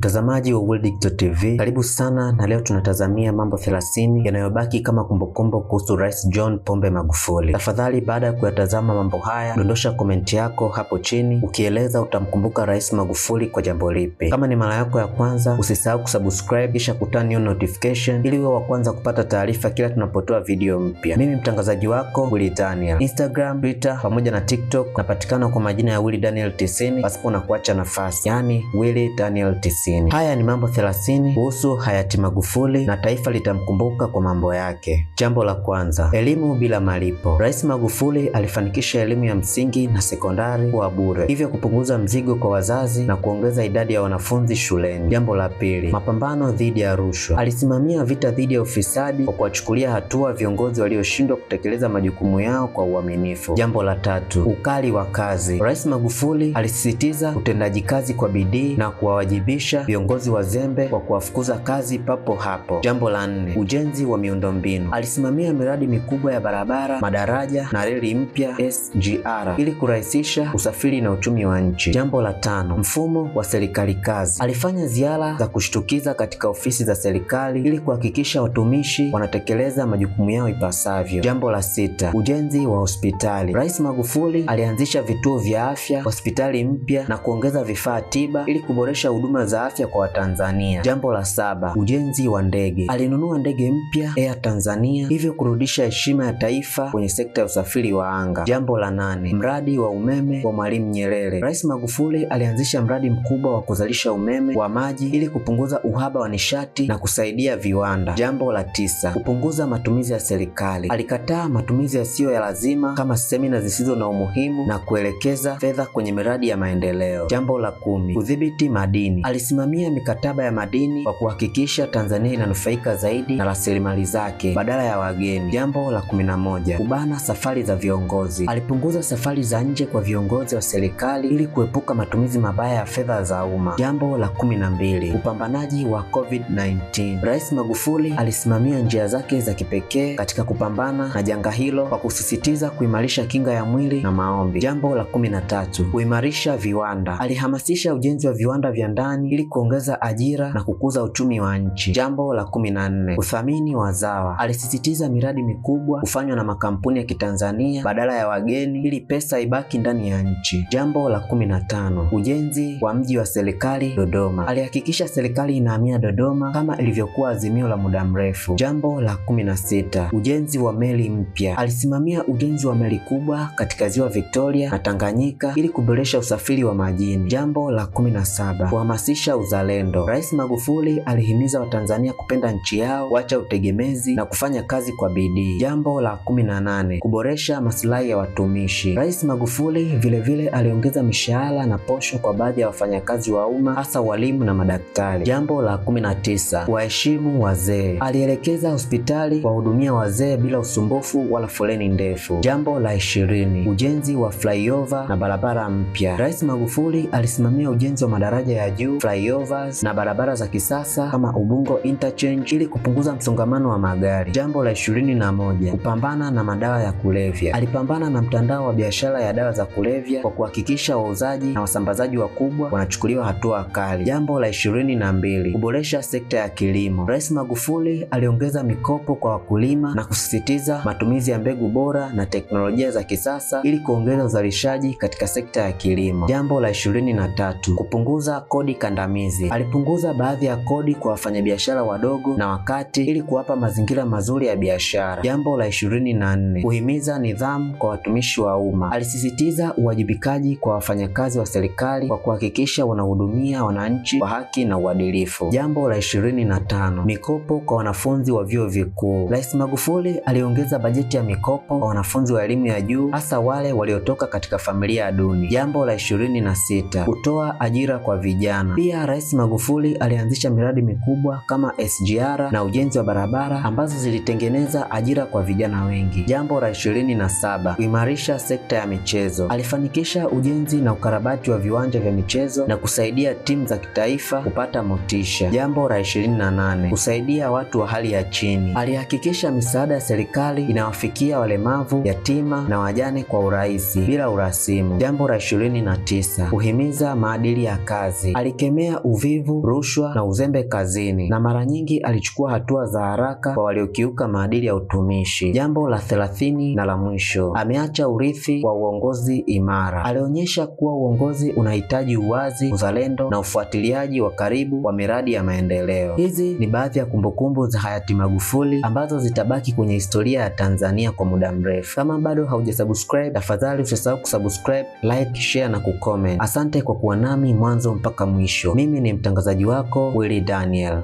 Mtazamaji wa World Digital TV, karibu sana, na leo tunatazamia mambo 30 yanayobaki kama kumbukumbu kuhusu Rais John Pombe Magufuli. Tafadhali, baada ya kuyatazama mambo haya, dondosha komenti yako hapo chini ukieleza utamkumbuka Rais Magufuli kwa jambo lipi. Kama ni mara yako ya kwanza, usisahau kusubscribe kisha kutani on notification ili uwe wa kwanza kupata taarifa kila tunapotoa video mpya. Mimi mtangazaji wako Willy Daniel, Instagram, Twitter pamoja na TikTok napatikana kwa majina ya Willy Daniel 90 pasipo na kuacha nafasi, yani Willy Daniel 90. 30. Haya ni mambo 30 kuhusu hayati Magufuli na taifa litamkumbuka kwa mambo yake. Jambo la kwanza, elimu bila malipo. Rais Magufuli alifanikisha elimu ya msingi na sekondari kuwa bure, hivyo kupunguza mzigo kwa wazazi na kuongeza idadi ya wanafunzi shuleni. Jambo la pili, mapambano dhidi ya rushwa. Alisimamia vita dhidi ya ufisadi kwa kuwachukulia hatua viongozi walioshindwa kutekeleza majukumu yao kwa uaminifu. Jambo la tatu, ukali wa kazi. Rais Magufuli alisisitiza utendaji kazi kwa bidii na kuwawajibisha kuwaacha viongozi wazembe kwa kuwafukuza kazi papo hapo. Jambo la nne, ujenzi wa miundombinu. Alisimamia miradi mikubwa ya barabara, madaraja na reli mpya SGR ili kurahisisha usafiri na uchumi wa nchi. Jambo la tano, mfumo wa serikali kazi. Alifanya ziara za kushtukiza katika ofisi za serikali ili kuhakikisha watumishi wanatekeleza majukumu yao ipasavyo. Jambo la sita, ujenzi wa hospitali. Rais Magufuli alianzisha vituo vya afya, hospitali mpya na kuongeza vifaa tiba ili kuboresha huduma za afya kwa Watanzania. Jambo la saba, ujenzi wa ndege. Alinunua ndege mpya Air Tanzania, hivyo kurudisha heshima ya taifa kwenye sekta ya usafiri wa anga. Jambo la nane, mradi wa umeme wa Mwalimu Nyerere. Rais Magufuli alianzisha mradi mkubwa wa kuzalisha umeme wa maji ili kupunguza uhaba wa nishati na kusaidia viwanda. Jambo la tisa, kupunguza matumizi ya serikali. Alikataa matumizi yasiyo ya lazima kama semina zisizo na umuhimu na kuelekeza fedha kwenye miradi ya maendeleo. Jambo la kumi, kudhibiti madini. Alisimamia kusimamia mikataba ya madini kwa kuhakikisha Tanzania inanufaika zaidi na rasilimali zake badala ya wageni. Jambo la kumi na moja, kubana safari za viongozi. Alipunguza safari za nje kwa viongozi wa serikali ili kuepuka matumizi mabaya ya fedha za umma. Jambo la kumi na mbili, upambanaji wa COVID-19. Rais Magufuli alisimamia njia zake za kipekee katika kupambana na janga hilo kwa kusisitiza kuimarisha kinga ya mwili na maombi. Jambo la kumi na kuimarisha viwanda. Alihamasisha ujenzi wa viwanda vya ndani ili kuongeza ajira na kukuza uchumi wa nchi. Jambo la kumi na nne, uthamini wa zawa. Alisisitiza miradi mikubwa kufanywa na makampuni ya Kitanzania badala ya wageni ili pesa ibaki ndani ya nchi. Jambo la kumi na tano, ujenzi wa mji wa serikali Dodoma. Alihakikisha serikali inahamia Dodoma kama ilivyokuwa azimio la muda mrefu. Jambo la kumi na sita, ujenzi wa meli mpya. Alisimamia ujenzi wa meli kubwa katika ziwa Victoria na Tanganyika ili kuboresha usafiri wa majini. Jambo la kumi na saba, kuhamasisha uzalendo. Rais Magufuli alihimiza Watanzania kupenda nchi yao, kuacha utegemezi na kufanya kazi kwa bidii. Jambo la kumi na nane, kuboresha maslahi ya watumishi. Rais Magufuli vilevile aliongeza mishahara na posho kwa baadhi ya wafanyakazi wa umma hasa walimu na madaktari. Jambo la kumi na kuwaheshimu wazee. Alielekeza hospitali kuwahudumia wazee bila usumbufu wala foleni ndefu. Jambo la ishirini, ujenzi wa flyover na barabara mpya. Rais Magufuli alisimamia ujenzi wa madaraja ya juu, flyover flyovers na barabara za kisasa kama Ubungo interchange ili kupunguza msongamano wa magari. Jambo la ishirini na moja, kupambana na madawa ya kulevya. Alipambana na mtandao wa biashara ya dawa za kulevya kwa kuhakikisha wauzaji na wasambazaji wakubwa wanachukuliwa hatua kali. Jambo la ishirini na mbili, kuboresha sekta ya kilimo. Rais Magufuli aliongeza mikopo kwa wakulima na kusisitiza matumizi ya mbegu bora na teknolojia za kisasa ili kuongeza uzalishaji katika sekta ya kilimo. Jambo la ishirini na tatu, kupunguza kodi kandamizi matumizi. Alipunguza baadhi ya kodi kwa wafanyabiashara wadogo na wakati ili kuwapa mazingira mazuri ya biashara. Jambo la ishirini na nne, kuhimiza nidhamu kwa watumishi wa umma. Alisisitiza uwajibikaji kwa wafanyakazi wa serikali kwa kuhakikisha wanahudumia wananchi kwa haki na uadilifu. Jambo la ishirini na tano, mikopo kwa wanafunzi wa vyuo vikuu. Rais Magufuli aliongeza bajeti ya mikopo kwa wanafunzi wa elimu ya juu hasa wale waliotoka katika familia duni. Jambo la ishirini na sita, kutoa ajira kwa vijana. Pia pia Rais Magufuli alianzisha miradi mikubwa kama SGR na ujenzi wa barabara ambazo zilitengeneza ajira kwa vijana wengi. Jambo la ishirini na saba, kuimarisha sekta ya michezo. Alifanikisha ujenzi na ukarabati wa viwanja vya michezo na kusaidia timu za kitaifa kupata motisha. Jambo la ishirini na nane, kusaidia watu wa hali ya chini. Alihakikisha misaada ya serikali inawafikia walemavu, yatima na wajane kwa urahisi bila urasimu. Jambo la ishirini na tisa, kuhimiza maadili ya kazi. Alikemea alichochea uvivu, rushwa na uzembe kazini, na mara nyingi alichukua hatua za haraka kwa waliokiuka maadili ya utumishi. Jambo la thelathini na la mwisho, ameacha urithi wa uongozi imara. Alionyesha kuwa uongozi unahitaji uwazi, uzalendo na ufuatiliaji wa karibu wa miradi ya maendeleo. Hizi ni baadhi ya kumbukumbu za hayati Magufuli ambazo zitabaki kwenye historia ya Tanzania kwa muda mrefu. Kama bado haujasubscribe, tafadhali usisahau kusubscribe, like, share na kucomment. Asante kwa kuwa nami mwanzo mpaka mwisho. Mimi ni mtangazaji wako Willy Daniel.